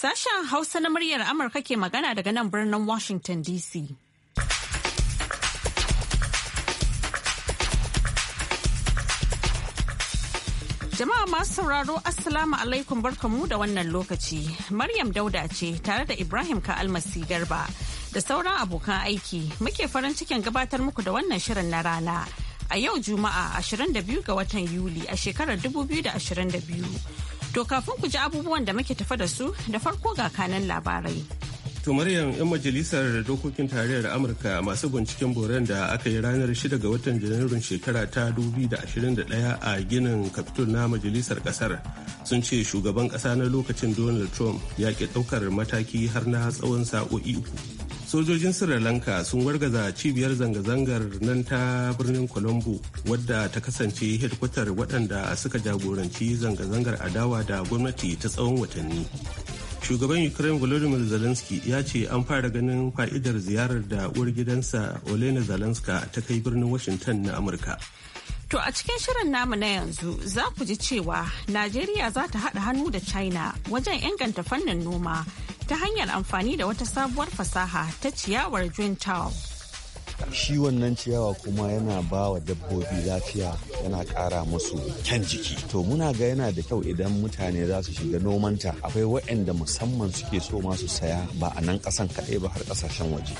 Sashen Hausa na muryar Amurka ke magana daga nan birnin Washington DC. Jama'a masu sauraro Assalamu alaikum barkamu da wannan lokaci. Maryam Dauda ce tare da Ibrahim Ka'almasi Garba da sauran abokan aiki muke farin cikin gabatar muku da wannan shirin na rana. A yau Juma'a 22 ga watan Yuli a shekarar 2022. To kafin ku ji abubuwan da muke tafa da su da farko ga kanan labarai. To Maryam 'yan majalisar dokokin tarayyar Amurka masu binciken boren da aka yi ranar 6 ga watan Janairun shekara ta 2021 a ginin Capitol na majalisar kasar sun ce shugaban kasa na lokacin Donald Trump ya ƙi daukar mataki har na tsawon sa'o'i uku. sojojin sri lanka sun wargaza cibiyar zanga-zangar nan ta birnin colombo wadda ta kasance hedkwatar waɗanda suka jagoranci zanga-zangar adawa da gwamnati ta tsawon watanni shugaban ukraine volodymyr zelensky ya ce an fara ganin fa'idar ziyarar da uwar gidansa olena zelenska ta kai birnin washington na amurka To a cikin shirin namu na yanzu za ku ji cewa Najeriya za ta haɗa hannu da China wajen inganta fannin noma ta hanyar amfani da wata sabuwar fasaha ta ciyawar Greentown. Shi wannan ciyawa kuma yana ba wa dabbobi lafiya yana kara musu kyan jiki. To muna ga yana da kyau idan mutane za su shiga nomanta akwai waɗanda musamman suke so masu saya ba a nan ƙasan kaɗai ba har kasashen waje.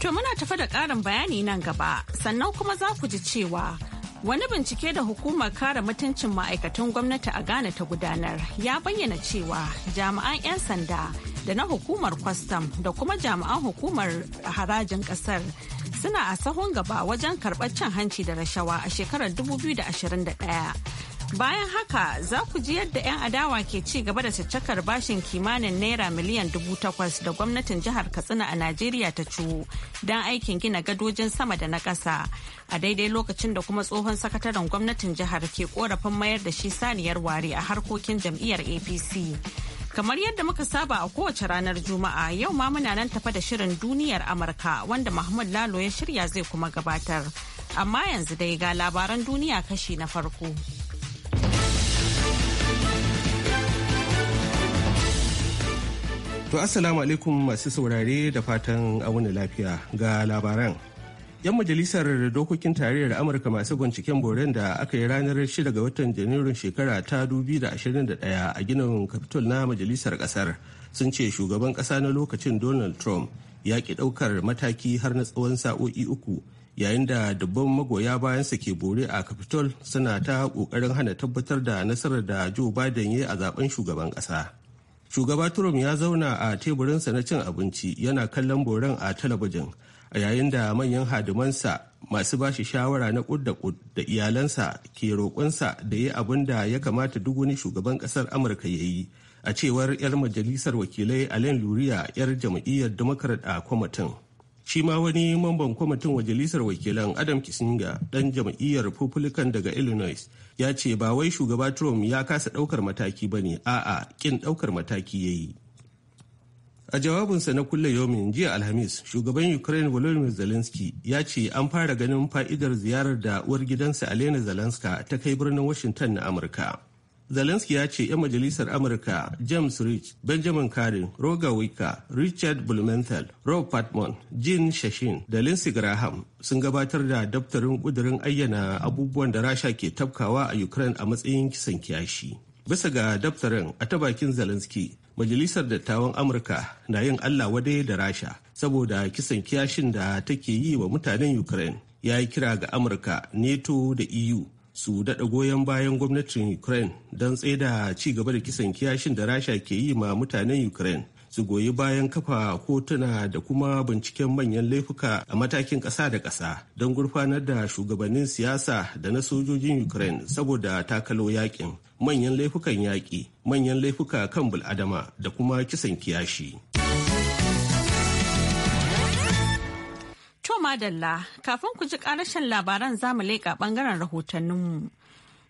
To muna tafa da ƙarin bayani nan gaba sannan kuma za ku ji cewa Wani bincike da hukumar kare mutuncin ma'aikatan gwamnati a Ghana ta gudanar ya bayyana cewa jami'an 'yan sanda da na hukumar kwastam da kuma jami'an hukumar harajin kasar suna a sahun gaba wajen karɓar cin hanci da rashawa a shekarar 2021 bayan haka za ku ji yadda 'yan adawa ke ci gaba da caccakar bashin kimanin naira miliyan dubu takwas da gwamnatin jihar katsina a najeriya ta ciwo don aikin gina gadojin sama da na ƙasa a daidai lokacin da kuma tsohon sakataren gwamnatin jihar ke korafin mayar da shi saniyar ware a harkokin jam'iyyar apc Kamar yadda muka saba a kowace ranar Juma'a yau ma muna nan tafa da shirin duniyar Amurka wanda Mahmud Lalo ya shirya zai kuma gabatar. Amma yanzu dai ga labaran duniya kashi na farko. To Assalamu alaikum masu saurare da fatan wani lafiya ga labaran. 'Yan majalisar dokokin tarayyar Amurka masu binciken boren da aka yi ranar 6 ga watan Janairun shekara ta 2021 a ginin Capitol na majalisar kasar sun ce shugaban kasa na lokacin Donald Trump ya ki daukar mataki har na tsawon sa'o'i uku yayin da dubban magoya bayansa ke bore a Capitol suna ta kokarin hana tabbatar da nasarar da Joe Biden ya a zaben shugaban kasa. Shugaba Trump ya zauna a teburinsa na cin abinci yana kallon boren a talabijin. a yayin da manyan hadimansa masu ba shi shawara na kudda da iyalansa ke roƙonsa da ya abin da ya kamata duk wani shugaban ƙasar amurka ya yi a cewar 'yar majalisar wakilai alain luria 'yar jam'iyyar democrat a kwamitin shi ma wani mamban kwamitin majalisar wakilan adam kisinga dan jam'iyyar republican daga illinois ya ce ba wai shugaba trump ya kasa ɗaukar mataki ba ne a'a ƙin ɗaukar mataki ya yi A jawabinsa na kulle yomin jiya Alhamis, shugaban Ukraine Volodymyr Zelensky ya ce an fara ganin fa'idar ziyarar da uwar gidansa a Alena Zelenska ta kai birnin Washington na Amurka. Zelensky ya ce 'yan majalisar Amurka James Rich, Benjamin Karin, Roger Wicker, Richard Blumenthal, Rob Patmon, Jean Shashin da Lindsey Graham sun gabatar da daftarin kudurin ayyana abubuwan da Rasha ke tafkawa a Ukraine a matsayin kisan kiyashi. Bisa ga daftarin a ta bakin Zelensky, majalisar dattawan amurka na yin allah wadai da rasha saboda kisan kiyashin da take yi wa mutanen ukraine ya yi kira ga amurka neto da eu su daɗa goyon bayan gwamnatin ukraine don tsaida ci gaba da kisan kiyashin da rasha ke yi ma mutanen ukraine su goyi bayan kafa kotuna da kuma binciken manyan laifuka a matakin ƙasa da ƙasa don gurfanar da shugabannin siyasa da na sojojin ukraine saboda takalo yakin manyan laifukan yaƙi manyan laifuka kan bul'adama da kuma kisan kiyashi. To madalla kafin ku ji ƙarashin labaran zamu leƙa ɓangaren rahotanninmu.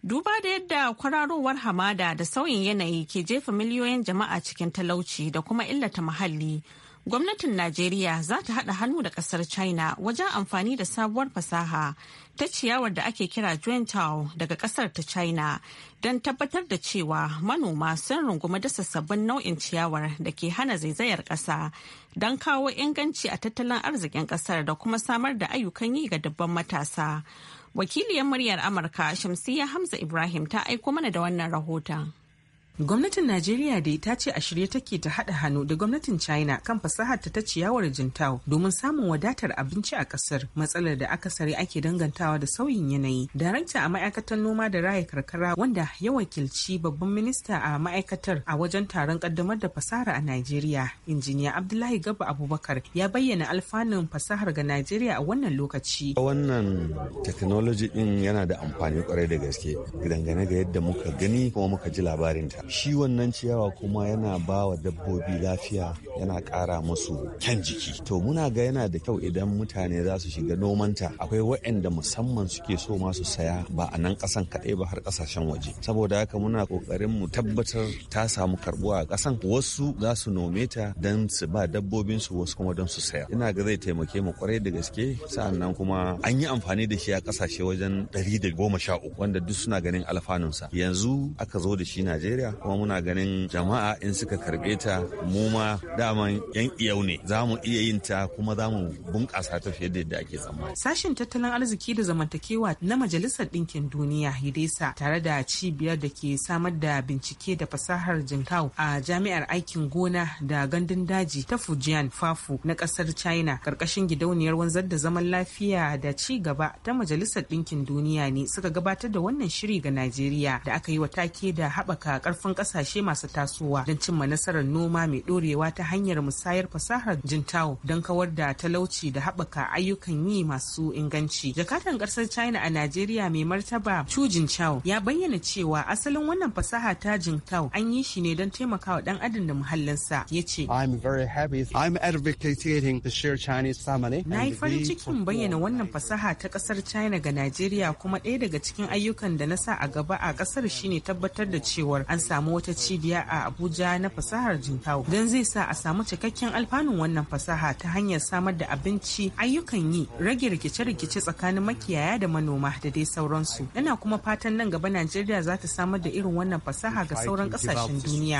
Duba da yadda kwararowar hamada da sauyin yanayi ke jefa miliyoyin jama'a cikin talauci da kuma illata muhalli. Gwamnatin Najeriya za ta haɗa hannu da ƙasar China wajen amfani da sabuwar fasaha ta ciyawar da ake kira Juentao daga ƙasar ta China don tabbatar da cewa manoma sun rungumi dasa sabbin nau'in ciyawar da ke hana zaizayar ƙasa don kawo inganci a tattalin arzikin ƙasar da kuma samar da ayyukan yi ga dubban matasa. Wakiliyar muryar Amurka Shamsiyya Hamza Ibrahim ta aiko mana da wannan rahoton. Gwamnatin Najeriya dai ta ce a shirye take ta haɗa hannu da gwamnatin China kan fasahar ta ta ciyawar Jintao domin samun wadatar abinci a ƙasar matsalar da aka sare ake dangantawa da sauyin yanayi. Darakta a ma'aikatar noma da raya karkara wanda ya wakilci babban minista a ma'aikatar a wajen taron ƙaddamar da fasahar a Najeriya. Injiniya Abdullahi Gabba Abubakar ya bayyana alfanun fasahar ga Najeriya a wannan lokaci. Wannan technology ɗin yana da amfani kwarai da gaske dangane ga yadda muka gani kuma muka ji labarinta. shi wannan ciyawa kuma yana ba wa dabbobi lafiya yana ƙara musu kyan jiki to muna ga yana da kyau idan mutane za su shiga nomanta akwai waɗanda musamman suke so ma su saya ba a nan ƙasan kaɗai ba har ƙasashen waje saboda haka muna ƙoƙarin mu tabbatar ta samu karbuwa a ƙasan wasu za su nome ta don su ba dabbobin su wasu kuma don su saya ina ga zai taimake mu kwarai da gaske sa'annan kuma an yi amfani da shi a ƙasashe wajen ɗari da goma sha uku wanda duk suna ganin alfanunsa yanzu aka zo da shi Najeriya kuma muna ganin jama'a in suka karɓe ta mu ma daman yan iyau ne za mu iya yin ta kuma za mu bunƙasa ta fiye da yadda ake tsammani. Sashen tattalin arziki da zamantakewa na Majalisar Ɗinkin Duniya Hidesa tare da cibiyar da ke samar da bincike da fasahar Jinkau a Jami'ar Aikin Gona da Gandun Daji ta Fujian Fafu na ƙasar China ƙarƙashin gidauniyar wanzar da zaman lafiya da ci gaba ta Majalisar Ɗinkin Duniya ne suka gabatar da wannan shiri ga Najeriya da aka yi wa take da haɓaka karfin kasashe masu tasowa don cimma nasarar noma mai dorewa ta hanyar musayar fasahar jintawo don kawar da talauci da haɓaka ayyukan yi masu inganci. Jakatan ƙasar China a Najeriya mai martaba Chu Jintao ya bayyana cewa asalin wannan fasaha ta Jintao an yi shi ne don taimakawa ɗan adam da muhallinsa. Ya ce, I'm very happy. Na yi farin cikin bayyana wannan fasaha ta ƙasar China ga Najeriya kuma ɗaya daga cikin ayyukan da na sa a gaba a ƙasar shine tabbatar da cewar an samu wata cibiya a Abuja na fasahar Jinkau don zai sa a samu cikakken alfanun wannan fasaha ta hanyar samar da abinci, ayyukan yi, rage rikice-rikice tsakanin makiyaya da manoma da dai sauransu. Yana kuma fatan nan gaba Najeriya za ta samar da irin wannan fasaha ga sauran kasashen duniya.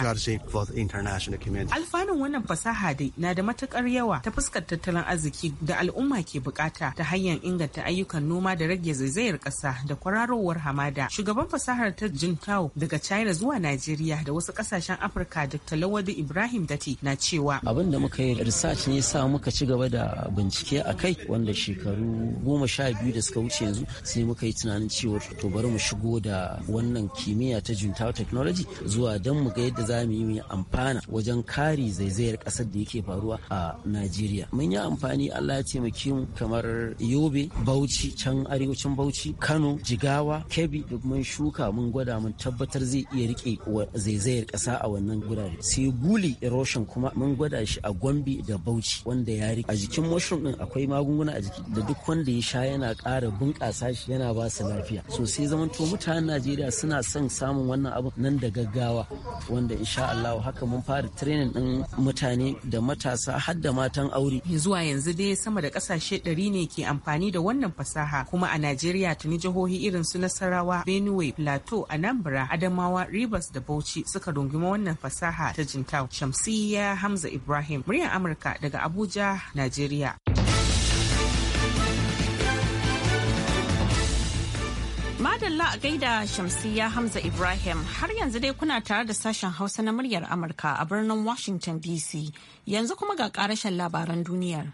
Alfanun wannan fasaha dai na da matukar yawa ta fuskar tattalin arziki da al'umma ke bukata ta hanyar inganta ayyukan noma da rage zaizayar kasa da kwararowar hamada. Shugaban fasahar ta Jinkau daga China zuwa Najeriya Najeriya da wasu kasashen Afirka Dr. Lawadu Ibrahim Dati na cewa. Abin da muka yi research ne sa muka ci gaba da bincike a kai wanda shekaru goma sha biyu da suka wuce yanzu sai muka yi tunanin cewa to bari mu shigo da wannan kimiyya ta junta technology zuwa don mu ga yadda za mu yi amfana wajen kare zaizayar kasar da yake faruwa a Najeriya. Mun yi amfani Allah ya taimake mu kamar Yobe, Bauchi, can arewacin Bauchi, Kano, Jigawa, Kebbi duk mun shuka mun gwada mun tabbatar zai iya rike zaizayar kasa a wannan gurare sai guli erosion kuma mun gwada shi a gombe da bauchi wanda ya a jikin mushroom din akwai magunguna a jiki da duk wanda ya sha yana kara bunƙasa shi yana ba su lafiya so sai zamanto mutanen najeriya suna son samun wannan abu nan da gaggawa wanda insha Allah haka mun fara training din mutane da matasa har da matan aure zuwa yanzu dai sama da kasashe ɗari ne ke amfani da wannan fasaha kuma a najeriya tuni jihohi irin su nasarawa benue plateau anambra adamawa rivers da da Bauchi suka rungumi wannan fasaha ta Jintau. Shamsiyya Hamza Ibrahim, muryar Amurka daga Abuja, Najeriya. Madalla a gaida Shamsiyya Hamza Ibrahim har yanzu dai kuna tare da sashen Hausa na muryar Amurka a birnin Washington DC yanzu kuma ga karashen labaran duniyar.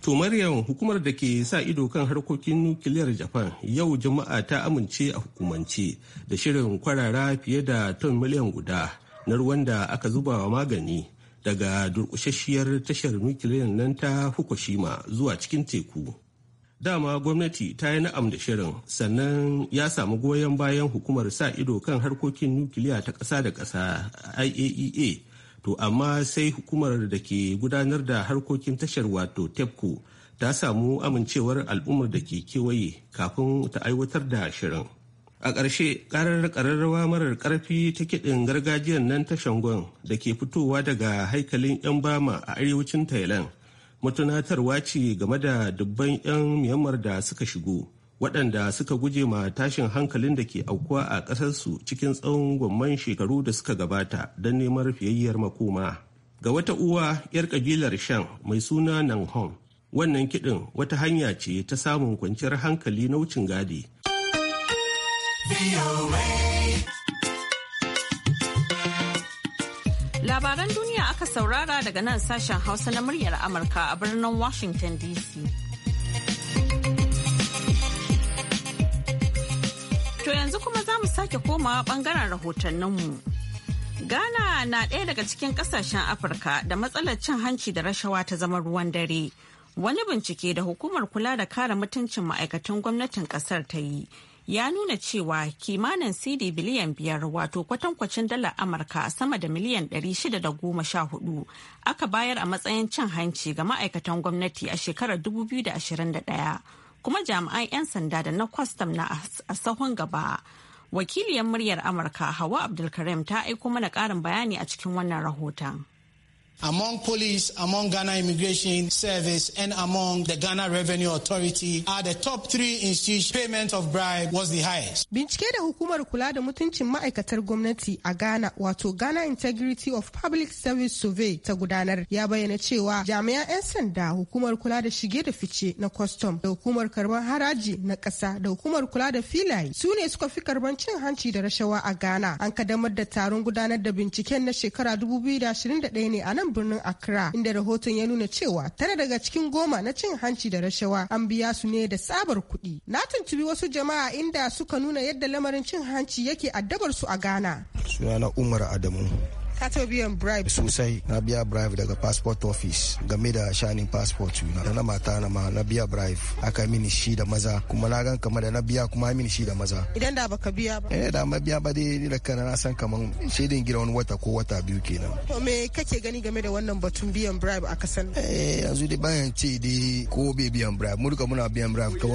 To Maryam hukumar da ke sa ido kan harkokin nukiliyar Japan yau jama'a ta amince a hukumance da shirin kwarara fiye da ton miliyan guda na ruwan da aka zuba wa magani daga durkushasshiyar tashar nukiliyar nan ta Fukushima zuwa cikin teku. Dama gwamnati ta yi na'am da shirin sannan ya samu goyon bayan hukumar sa ido kan harkokin nukiliya ta ƙasa da ƙasa IAEA e to amma sai hukumar da ke gudanar da harkokin tashar wato tepco ta samu amincewar al'ummar da ke kewaye kafin ta aiwatar da shirin a ƙarshe ƙarar ƙararrawa marar ƙarfi ta kiɗin gargajiyar nan ta shangon da ke fitowa daga haikalin 'yan bama a arewacin thailand mutunatarwa ce game da dubban 'yan myanmar da suka shigo waɗanda suka guje ma tashin hankalin da ke aukuwa a ƙasarsu cikin tsawon gwamman shekaru da suka gabata don neman fiyayyar makoma. Ga wata uwa 'yar ƙabilar Shan mai suna Nanhong, wannan kiɗin wata hanya ce ta samun kwanciyar hankali na wucin gadi. Labaran duniya aka saurara daga nan sashen Hausa na muryar Amurka a birnin Washington DC. To yanzu kuma za mu sake komawa bangaren rahotanninmu. Ghana na ɗaya daga cikin ƙasashen Afirka da matsalar cin hanci da rashawa ta zama ruwan dare. Wani bincike da hukumar kula da kare mutuncin ma'aikatan gwamnatin ƙasar ta yi ya nuna cewa kimanin CD biliyan biyar wato kwatankwacin dalar Amurka sama da miliyan ɗari shida da goma sha 614 aka bayar a matsayin cin hanci ga ma'aikatan gwamnati a shekarar 2021 kuma jami'an 'yan sanda da na kwastam na a sahun gaba. Wakiliyar muryar Amurka Hawa Abdulkarim ta aiko mana ƙarin bayani a cikin wannan rahoton. among police, among Ghana Immigration Service, and among the Ghana Revenue Authority are the top three in which Payment of bribe was the highest. Bincike da hukumar kula da mutuncin ma'aikatar gwamnati a Ghana wato Ghana Integrity of Public Service Survey ta gudanar ya bayyana cewa jami'an 'yan sanda hukumar kula da shige da fice na custom da hukumar karban haraji na ƙasa da hukumar kula da filaye su ne suka fi karban cin hanci da rashawa a Ghana. An kadamar da taron gudanar da binciken na shekara 2021 ne a nan nan birnin Accra inda rahoton ya nuna cewa tare daga cikin goma na cin hanci da rashawa an biya su ne da tsabar kuɗi. Na tuntubi wasu jama'a inda suka nuna yadda lamarin cin hanci yake addabar su a Ghana. Sunana Umar Adamu ka to biyan bribe sosai na biya bribe daga passport office game da shanin passport na na mata na ma na biya bribe aka mini shi da maza kuma na gan kamar da na biya kuma mini shi da maza idan da baka biya ba eh da ma biya ba dai ni da kana na san kaman shaidin gida wani wata ko wata biyu kenan to me kake gani game da wannan batun biyan bribe a kasan eh yanzu dai bayan ce dai ko be biyan bribe mu duka muna biyan bribe ka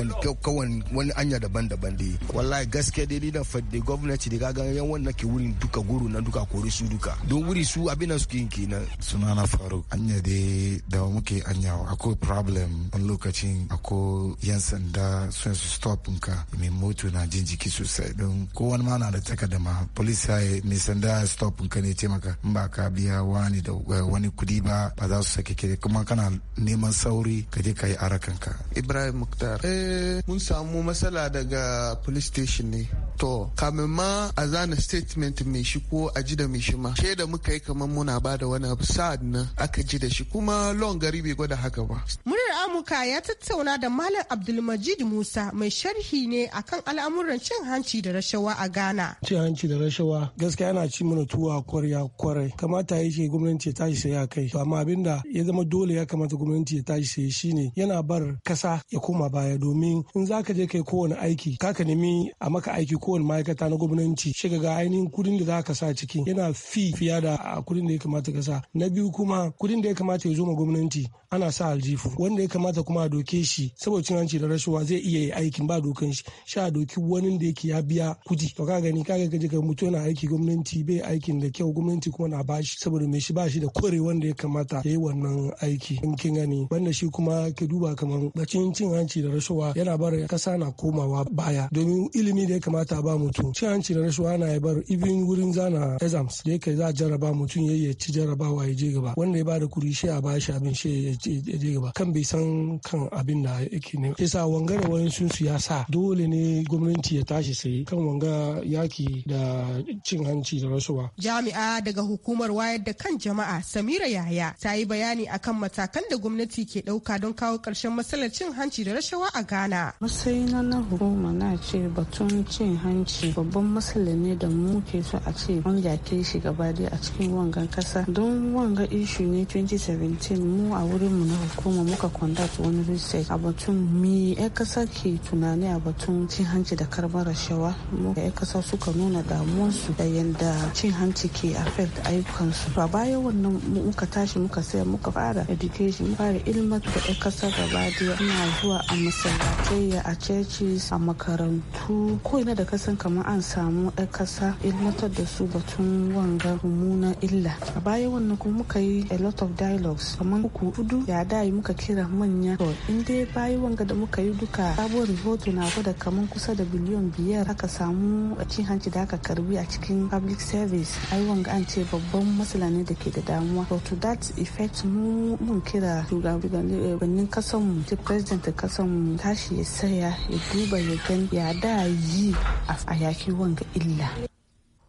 wani anya daban-daban dai wallahi gaskiya dai ni da fadde gwamnati da kaga yan wannan ke wurin duka guru na duka kore su duka don wuri su abin da suke na suna na faruk anya da da muke anya akwai problem wani lokacin akwai yan sanda su su stop nka mai moto na jin jiki sosai don wani ma na da da ma police ya mai sanda stop nka ne ce maka in ba ka biya wani da eh, wani kudi ba ba za su sake kire kuma kana neman sauri ka je ka yi arakanka ibrahim muktar eh mun samu matsala daga police station ne to kamin ma a zana statement mai shi ko a ji da mai shi ma da muka yi kamar muna ba da wani abu sa'ad nan aka ji da shi kuma lon gari bai gwada haka ba. murar amuka ya tattauna da Malam Abdulmajid Musa mai sharhi ne akan al'amuran cin hanci da rashawa a Ghana. Cin hanci da rashawa gaskiya yana ci mana tuwa kwarya kwarai kamata ya ce gwamnati ta tashi sai a kai to amma abin da ya zama dole ya kamata gwamnati ya tashi sai ne yana bar kasa ya koma baya domin in za ka je kai kowane aiki kaka nemi a maka aiki kowane ma'aikata na gwamnati shiga ga ainihin kudin da za ka sa cikin yana fi fiya. ya da kudin da ya kamata ka sa na biyu kuma kudin da ya kamata ya zo ma gwamnati ana sa aljifu wanda ya kamata kuma a doke shi saboda cin hanci da rashawa zai iya yi aikin ba dokan shi sha doki wani da yake ya biya kudi to ka gani ka ga ka mutu yana aiki gwamnati bai aikin da kyau gwamnati kuma na bashi saboda me shi bashi da kore wanda ya kamata ya yi wannan aiki in kin gani banda shi kuma ka duba kamar bacin cin hanci da rashawa yana bar kasa na komawa baya domin ilimi da ya kamata ba mutum cin hanci da rashawa na ya bar ibin wurin zana exams da yake za jaraba mutum ya ci jarabawa ya je gaba wanda ya bada kuri shi a bashi abin shi ya je gaba kan bai san kan abin da yake ne yasa wangare wayan sun su ya sa dole ne gwamnati ya tashi sai kan wanga yaki da cin hanci da rasuwa jami'a daga hukumar wayar da kan jama'a samira ya'ya ta yi bayani akan matakan da gwamnati ke ɗauka don kawo karshen matsalar cin hanci da rashawa a ghana matsayina na hukuma na ce batun cin hanci babban matsala ne da mu ke so a ce mun yake shi gaba da dai a cikin wangan kasa don wanga ishu ne 2017 mu a wurin mu na hukuma muka conduct wani research a batun mi ya kasa ke tunani a batun cin hanci da karbar rashawa mu ya kasa suka nuna damuwarsu da yanda cin hanci ke affect ayyukansu ba bayan wannan muka tashi muka saya muka fara education muka fara ilmatu da ya kasa gaba daya ina zuwa a masallatai a churches a makarantu ko ina da kasan kamar an samu ya kasa ilmatar da su batun wangan mummuna illa a baya wannan kuma muka yi a lot of dialogues kamar uku hudu ya dai muka kira manya to in dai bayi wanga da muka yi duka sabuwar rihoto na gwada kamar kusa da biliyon biyar aka samu a cin hanci da aka karbi a cikin public service ai wanga an ce babban matsala ne da ke da damuwa to to that effect mu mun kira shugabannin kasan mu ta president kasan mu tashi ya saya ya duba ya gan ya da yi a yaki wanga illa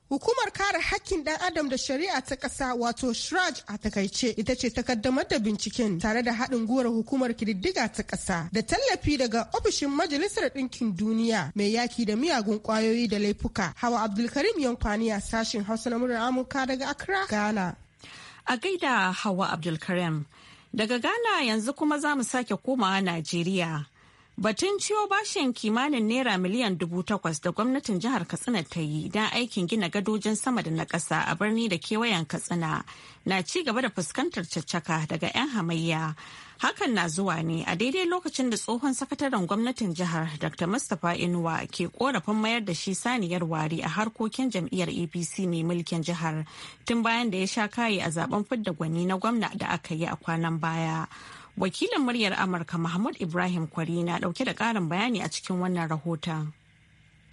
Hukumar kare hakkin ɗan Adam da shari'a ta ƙasa wato Shraj a takaice ita ce ta kaddamar da binciken tare da haɗin gwiwar hukumar kididdiga ta ƙasa da tallafi daga ofishin Majalisar Ɗinkin Duniya mai yaki da miyagun ƙwayoyi da laifuka. Hawa Abdulkarim Yankwani a sashin Hausa na murar Amurka daga Accra, Ghana. A gaida Hawa Abdulkarim. Daga Ghana yanzu kuma za mu sake komawa Najeriya. Batun ciwo bashin kimanin naira miliyan dubu takwas da gwamnatin jihar Katsina ta yi don aikin gina gadojin sama da na ƙasa a birni da kewayen Katsina na ci gaba da fuskantar caccaka daga 'yan hamayya. Hakan na zuwa ne a daidai lokacin da tsohon sakataren gwamnatin jihar Dr. Mustapha Inuwa ke korafin mayar da shi saniyar wari a harkokin jam'iyyar APC mai mulkin jihar tun bayan da ya sha kayi a zaben fidda gwani na gwamna da aka yi a kwanan baya. Wakilin muryar Amurka Mahmud Ibrahim Kwari na dauke da karin bayani a cikin wannan rahoton.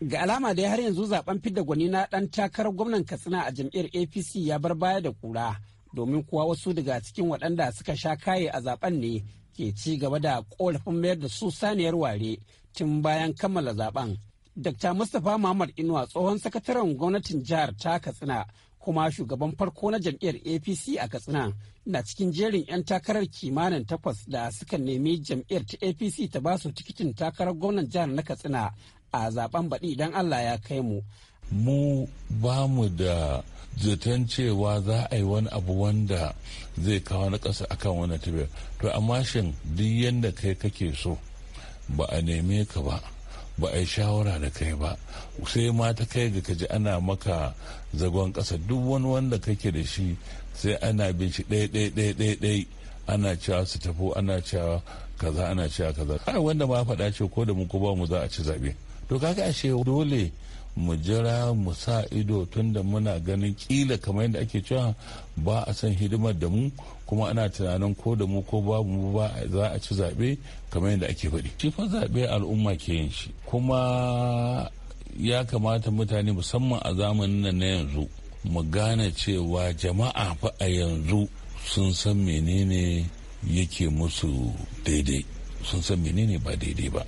Ga alama dai har yanzu zaben fidda gwani na dan takarar gwamnan Katsina a jam'iyyar APC ya bar baya da kura domin kuwa wasu daga cikin waɗanda suka sha kaye a zaben ne ke ci gaba da korafin mayar da su saniyar ware tun bayan kammala zaben. Dr. Mustapha Muhammad Inuwa tsohon sakataren gwamnatin jihar ta Katsina kuma shugaban farko na jam'iyyar apc a katsina na cikin jerin 'yan takarar kimanin takwas da suka nemi jam'iyyar ta apc ta ba su tikitin takarar gwamnan jihar na katsina a zaben baɗi idan allah ya kai mu mu ba mu da zaton cewa za a yi wani abu wanda zai kawo na ƙasa akan wani tafiya to amma shin duk yadda kai kake so ba a neme ka ba ba a yi shawara da kai ba sai ma ta kai ga kaji ana maka zagon ƙasa duk wani wanda kake da shi sai ana bin shi ɗai-ɗai-ɗai-ɗai ana cewa su tafi ana cewa kaza ana cewa kaza a wanda ma faɗa ce ko da mu ko ba mu za a ci zaɓe to kaga ashe dole mu jira mu sa ido tunda muna ganin kila kamar yadda ake cewa ba a san hidimar da mu kuma ana tunanin ko da mu ko babu mu ba za a ci zaɓe kamar yadda ake faɗi cikin zaɓe al'umma ke yin shi kuma ya kamata mutane musamman a zamanin nan na yanzu mu gane cewa jama'a fa a yanzu sun san menene yake musu daidai sun san menene ba daidai ba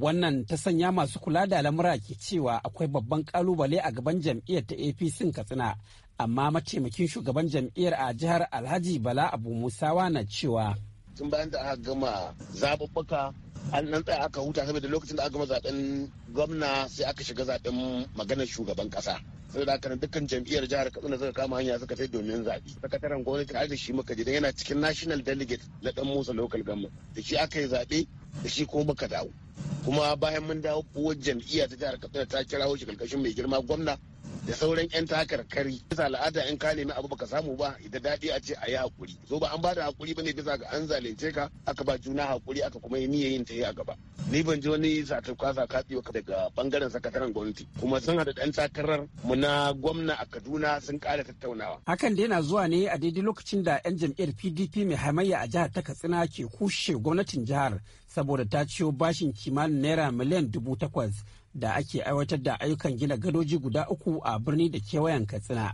wannan ta sanya masu kula da lamura ke cewa akwai babban kalubale a gaban jam'iyyar ta apc katsina amma mataimakin shugaban jam'iyyar a jihar alhaji bala abu musawa na cewa tun bayan da aka gama zaɓuɓɓuka an nan tsaya aka huta saboda lokacin da aka gama zaɓen gwamna sai aka shiga zaben maganar shugaban ƙasa saboda haka dukkan jam'iyyar jihar katsina suka kama hanya suka sai domin zaɓe sakataren gwamnati har da shi muka je yana cikin national delegate na dan musa local government da shi aka yi zaɓe da shi ko muka dawo kuma bayan mun dawo kowar jam'iyya ta jihar katsina ta kirawo shi karkashin mai girma gwamna da sauran 'yan takarkari bisa al'ada in ka nemi abu baka samu ba da daɗi a ce a yi hakuri so ba an ba da hakuri bane bisa ga an zalunce ka aka ba juna hakuri aka kuma yi yin ta yi a gaba ni ban ji wani satukwa sakatiyo daga bangaren sakataren gwamnati kuma sun haɗa ɗan takarar mu na gwamna a Kaduna sun ƙara tattaunawa hakan dai na zuwa ne a daidai lokacin da 'yan jam'iyyar PDP mai hamayya a jihar ta Katsina ke kushe gwamnatin jihar saboda ta ciyo bashin kimanin naira miliyan dubu takwas da ake aiwatar da ayyukan gina gadoji guda uku a birni da kewayen katsina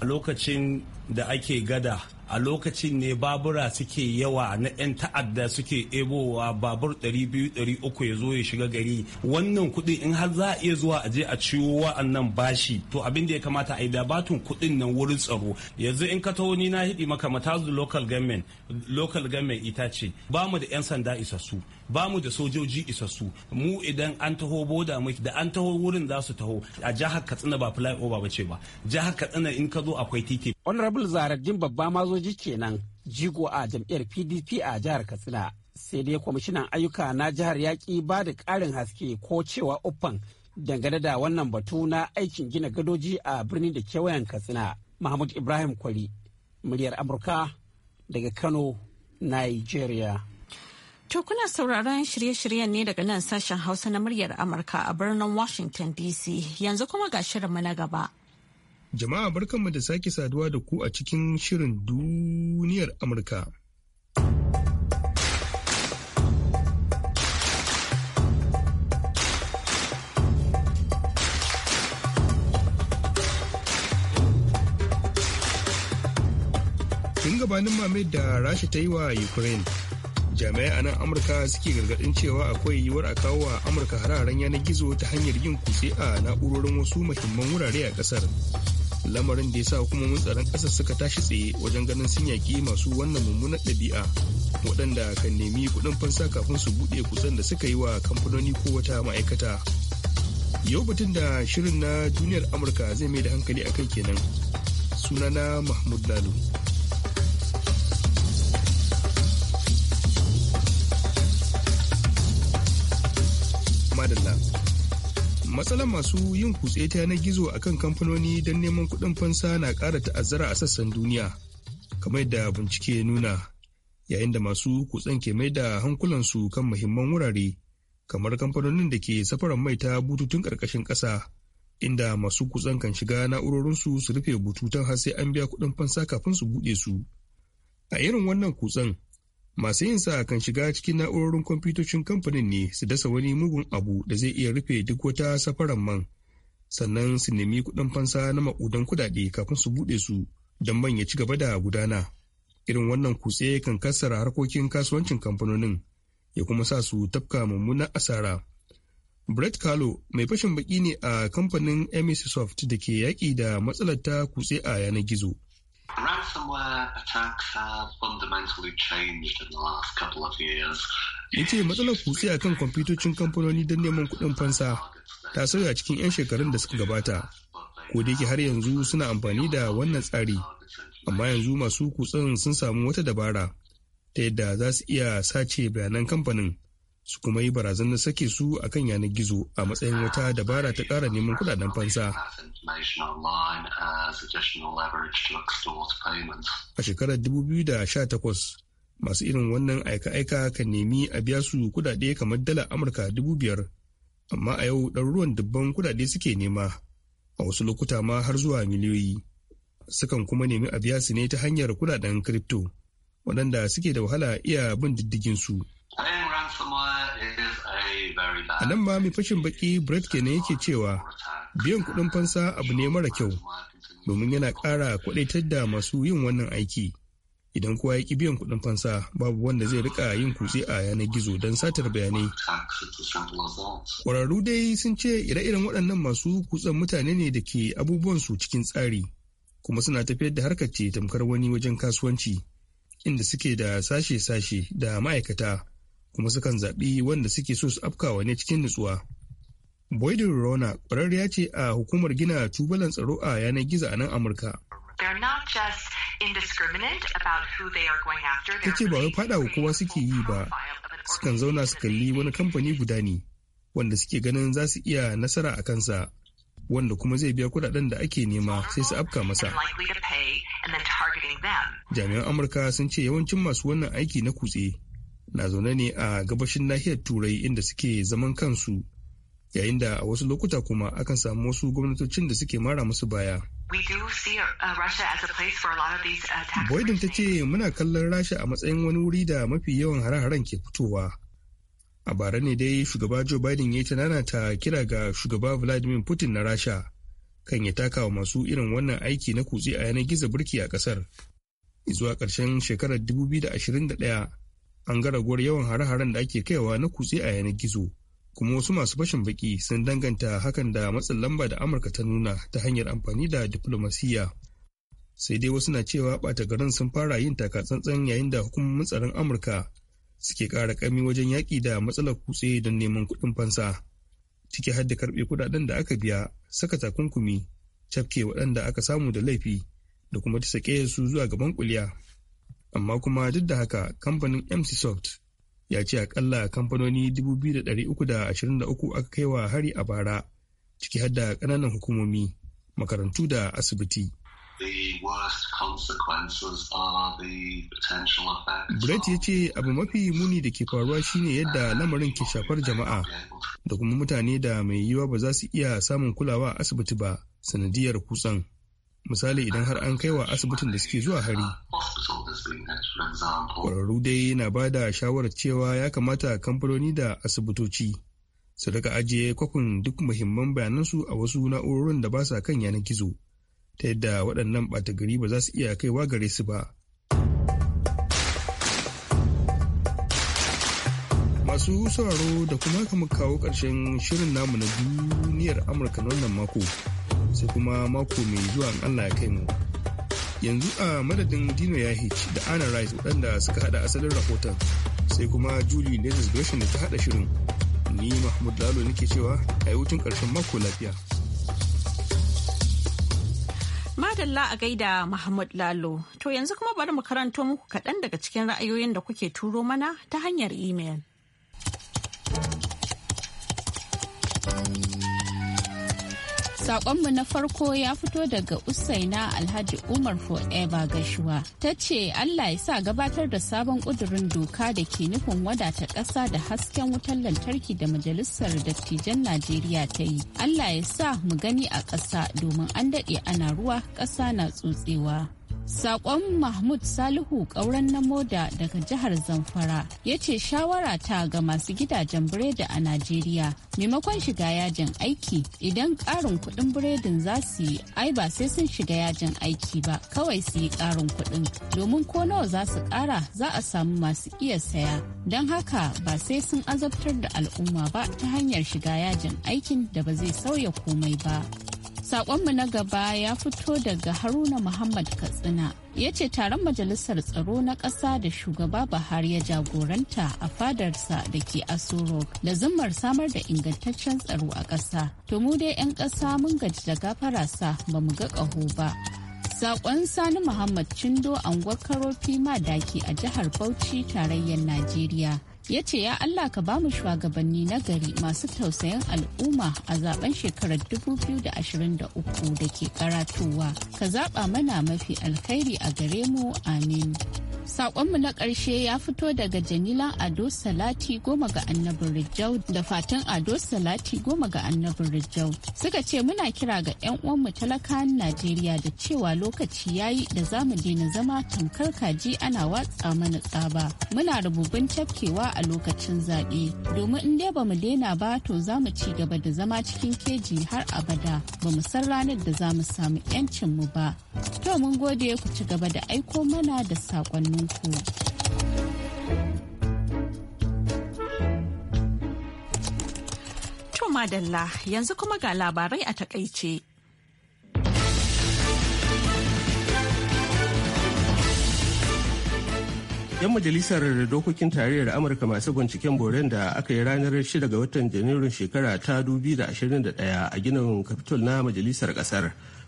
a lokacin da ake gada a lokacin ne babura suke yawa na 'yan ta'adda suke ebowa babur 200-300 ya zo ya shiga gari wannan kudi in har za a iya zuwa a je a ciwo wa'annan bashi to abin da ya kamata a yi da batun kuɗin nan wurin tsaro yanzu in ka taho ni na hidi maka matazu local government local government ita ce ba mu da 'yan sanda isassu ba mu da sojoji isassu mu idan an taho boda muke da an taho wurin za su taho a jihar katsina ba flyover ba ce ba jihar katsina in ka zo akwai titi honorable zarardin babba mazoji kenan jigo a jam'iyyar pdp a jihar katsina sai dai kwamishinan ayyuka na jihar yaƙi ba da ƙarin haske ko cewa uffan dangane da wannan batu na aikin gina gadoji a birnin da kewayen katsina mahmud ibrahim kwari muryar amurka daga kano nigeria To kuna sauraron shirye-shiryen ne daga nan sashen Hausa na muryar Amurka a birnin Washington DC yanzu kuma ga shirinmu na gaba. Jama'a barkanmu da sake saduwa da ku a cikin shirin duniyar Amurka. Tun gabanin mame da Rasha ta yi wa Ukraine. jami'ai a nan amurka suke gargadin cewa akwai yiwuwar a kawo wa amurka hararen yanar gizo ta hanyar yin kutse a na'urorin wasu muhimman wurare a kasar lamarin da ya sa kuma hukumomin tsaron kasar suka tashi tsaye wajen ganin sun yaƙi masu wannan mummunar ɗabi'a waɗanda kan nemi kuɗin fansa kafin su buɗe kutsen da suka yi wa kamfanoni ko wata ma'aikata yau batun da shirin na duniyar amurka zai mai da hankali akan kenan sunana mahmud lalu madalla matsalar masu yin kutse ta yanar gizo a kan kamfanoni don neman kudin fansa na kara ta'azzara a sassan duniya kamar da bincike ya nuna yayin da masu kutsen ke mai da hankulansu kan muhimman wurare kamar kamfanonin da ke safaran mai ta bututun ƙarƙashin ƙasa inda masu kutsen kan shiga na'urorinsu su rufe bututun har sai an biya kudin fansa kafin su buɗe su a irin wannan kutsen masu yin sa kan shiga cikin na'urorin kwamfutocin kamfanin ne su dasa wani mugun abu da zai iya rufe duk wata safaran man sannan su nemi kuɗin fansa na maƙudan kuɗaɗe kafin su buɗe su don man ya ci gaba da gudana irin wannan kutse kan kassara harkokin kasuwancin kamfanonin ya kuma sa su tafka mummunan asara Brett Carlo mai fashin baki ne a kamfanin Emisoft da ke yaƙi da matsalar ta kutse a yanar gizo. Ransomware attacks have fundamentally changed in the last couple of years. matsalar kutse a kan kwamfutocin kamfanoni don neman kuɗin fansa ta sauya cikin 'yan shekarun da suka gabata. Ko da yake har yanzu suna amfani da wannan tsari, amma yanzu masu kutsen sun samu wata dabara ta yadda za su iya sace bayanan kamfanin su kuma yi barazanar sake su a kan yanar gizo a matsayin wata dabara ta kara neman kudaden fansa. A shekarar 2018 masu irin wannan aika-aika kan nemi a biya su kudade kamar dala Amurka biyar amma a yau ɗaruruwan dubban kudade suke nema a wasu lokuta ma har zuwa miliyoyi. Sukan kuma nemi a biya su ne ta hanyar kudaden kripto waɗanda suke da wahala iya bin diddigin su. A nan ma mai fashin baki Brett kenan yake cewa biyan kuɗin fansa abu ne mara kyau domin yana ƙara kuɗaitar da masu yin wannan aiki. Idan kowa ya ki biyan kuɗin fansa babu wanda zai rika yin kutse a yanar gizo don satar bayanai. Ƙwararru dai sun ce ire-iren waɗannan masu kutsen mutane ne da ke abubuwan su cikin tsari kuma suna tafiyar da harkar ce tamkar wani wajen kasuwanci inda suke da sashe-sashe da ma'aikata. kuma sukan zaɓi wanda suke so su afkawa ne cikin nutsuwa. Boydin Rona ƙwararriya ce a hukumar gina tubalan tsaro a yanar gizo a nan Amurka. Ta ce ba wai faɗawa kowa suke yi ba, sukan zauna su kalli wani kamfani guda ne, wanda suke ganin za su iya nasara a kansa, wanda kuma zai biya kuɗaɗen da ake nema sai su afka masa. Jami'an Amurka sun ce yawancin masu wannan aiki na kutse na zaune ne a gabashin nahiyar turai inda suke zaman kansu yayin da a wasu lokuta kuma akan samu wasu gwamnatocin da suke mara musu baya. Uh, uh, Boyden ta ce muna kallon Rasha a matsayin wani wuri da mafi yawan hare-haren ke fitowa. A bara ne dai shugaba Joe Biden ya tanana ta kira ga shugaba Vladimir Putin na Rasha kan ya taka wa masu irin wannan aiki na kutse a yanar gizo birki a kasar. Zuwa ƙarshen shekarar 2021 an ga raguwar yawan hare-haren da ake kaiwa na kutse a yanar gizo kuma wasu masu fashin baki sun danganta hakan da matsin lamba da amurka ta nuna ta hanyar amfani da diflomasiyya sai dai wasu na cewa ɓata garin sun fara yin taka tsantsan yayin da hukumomin tsaron amurka suke ƙara ƙami wajen yaƙi da matsalar kutse don neman kuɗin fansa ciki har da karɓe kuɗaɗen da aka biya saka takunkumi cafke waɗanda aka samu da laifi da kuma ta sake su zuwa gaban kuliya amma kuma duk da haka kamfanin mcsoft ya ce akalla kamfanoni 2,323 aka kai wa hari a bara ciki har kananan hukumomi makarantu da asibiti Brett ya ce abu mafi muni da ke faruwa shine yadda lamarin ke shafar jama'a da kuma mutane da mai yiwuwa ba za su iya samun kulawa a asibiti ba sanadiyar kutsan. misali idan har an kai wa asibitin da suke zuwa hari kwararru dai na ba da shawarar cewa ya kamata kamfanoni da asibitoci su daga ajiye kwakun duk muhimman bayanansu a wasu na'urorin da ba sa kan yanar gizo ta yadda waɗannan ɓata gari ba za su iya kaiwa gare su ba masu sauraro da kuma kama kawo ƙarshen shirin namu na duniyar amurka na wannan mako sai kuma mako mai zuwa Allah ya kai mu. Yanzu a madadin Dino Yahich da Anna Rice waɗanda suka haɗa asalin rahoton sai kuma Julie Dennis Gresham da ta haɗa shirin. Ni Mahmud Lalo nake cewa a hutun ƙarshen mako lafiya. Madalla a gaida Mahmud Lalo. To yanzu kuma bari mu karanto muku kaɗan daga cikin ra'ayoyin da kuke turo mana ta hanyar imel. Sakonmu na farko ya fito daga Usaina Alhaji Umar Forever Gashuwa. Ta ce Allah ya sa gabatar da sabon ƙudurin doka da ke nufin wadata ƙasa da hasken wutar lantarki da Majalisar Dattijan Najeriya ta yi. Allah ya sa mu gani a ƙasa domin an daɗe ana ruwa ƙasa na tsotsewa. Sakon Mahmud Salihu ƙauren na moda daga jihar Zamfara ya ce shawara ta ga masu gidajen biredi a Najeriya maimakon shiga yajin aiki idan ƙarin kuɗin biredin za su yi ai ba sai sun shiga yajin aiki ba kawai su yi ƙarin kuɗin domin ko nawa za su ƙara za a samu masu iya saya don haka ba sai sun azabtar da al'umma ba ta hanyar shiga yajin aikin da ba zai sauya komai ba. Sakonmu na gaba ya fito daga Haruna Muhammad Katsina ya ce taron Majalisar Tsaro na ƙasa da shugaba Buhari ya jagoranta a fadarsa da ke Asoro da zimmar samar da ingantaccen tsaro a ƙasa. To mu dai 'yan ƙasa mun gaji da gafararsa ba mu ga ƙaho ba. saƙon Sani Muhammad Cindo Angwar Karofi Madaki a jihar Bauchi tarayyar Najeriya ya ce ya Allah ka ba mu shugabanni na gari masu tausayin al'umma a zaben shekarar 2023 da ke karatowa ka zaba mana mafi alkhairi a gare mu amin. Sakonmu na ƙarshe ya fito daga janila Ado Salati goma ga annabin Rijau da fatan Ado Salati goma ga annabin Rijau. Suka ce muna kira ga 'yan uwanmu talakawan Najeriya da cewa lokaci yayi da za mu daina zama tamkar kaji ana watsa mana tsaba. Muna rububin tafkewa a lokacin zaɓe. Domin in dai ba mu daina ba to za mu ci gaba da zama cikin keji har abada. Ba mu san ranar da za mu samu 'yancinmu ba. To mun gode ku ci gaba da aiko mana da saƙonni. muku. To madalla yanzu kuma ga labarai a takaice. yan majalisar dokokin tarayyar amurka masu binciken boren da aka yi ranar 6 ga watan janairun shekara ta 2021 a ginin capitol na majalisar kasar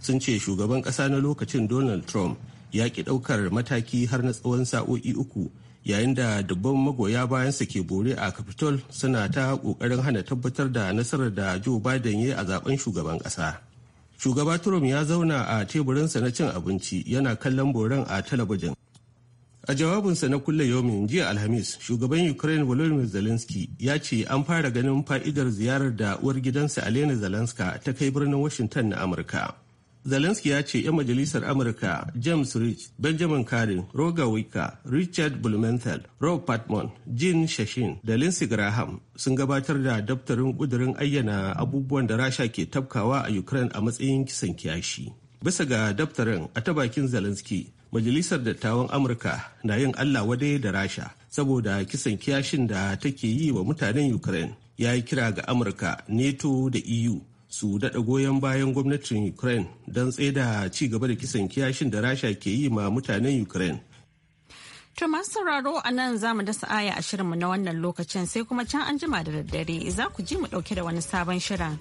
sun ce shugaban kasa na lokacin donald trump ya ki ɗaukar mataki har na tsawon sa'o'i uku yayin da dubban magoya bayansa ke bore a capitol suna ta ƙoƙarin hana tabbatar da nasarar da joe biden ya a zaben shugaban ƙasa shugaba trump ya zauna a teburinsa na cin abinci yana kallon boren a talabijin a jawabinsa na kulle yomin jiya alhamis shugaban ukraine volodymyr zelensky ya ce an fara ganin fa'idar ziyarar da uwar gidansa alena zelenska ta kai birnin washington na amurka Zelensky ya ce 'yan majalisar Amurka James Rich, Benjamin Karin, Roger Wicker, Richard Blumenthal, Rob Patman, Jean Shashin da Lindsey Graham sun gabatar da daftarin ƙudurin ayyana abubuwan da Rasha ke tafkawa a Ukraine a matsayin kisan kiyashi. Bisa ga daftarin a ta bakin Zelensky, Majalisar Dattawan Amurka na yin Allah wadai da Rasha saboda kisan kiyashin da take yi wa mutanen Ukraine. Ya yi kira ga Amurka, NATO da EU su daɗa goyon bayan gwamnatin ukraine don tsaida ci gaba da kisan kiyashin da rasha ke yi ma mutanen ukraine To masu sauraro a nan za mu dasa aya a shirinmu na wannan lokacin sai kuma can an jima da daddare za ku ji mu ɗauke da wani sabon shirin.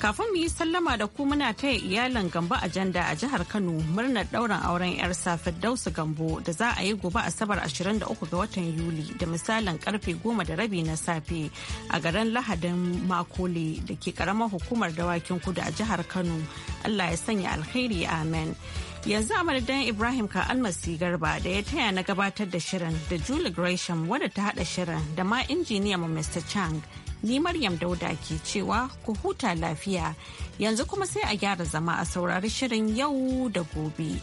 Kafin mu yi sallama da ku muna taya iyalin Gambo Ajanda a jihar Kano murnar ɗaurin auren 'yar safar Dausu Gambo da za a yi gobe Asabar 23 ga watan Yuli da misalin karfe goma da rabi na safe a garin Lahadin Makole da ke karamar hukumar dawakin kudu a jihar Kano. Allah ya sanya alkhairi amen. yanzu a madadin ibrahim ka almasi garba da ya taya na gabatar da shirin da julie gresham wadda ta hada shirin da ma injiniya mu mr chang ni maryam dauda ke cewa ku huta lafiya yanzu kuma sai a gyara zama a saurari shirin yau da gobe.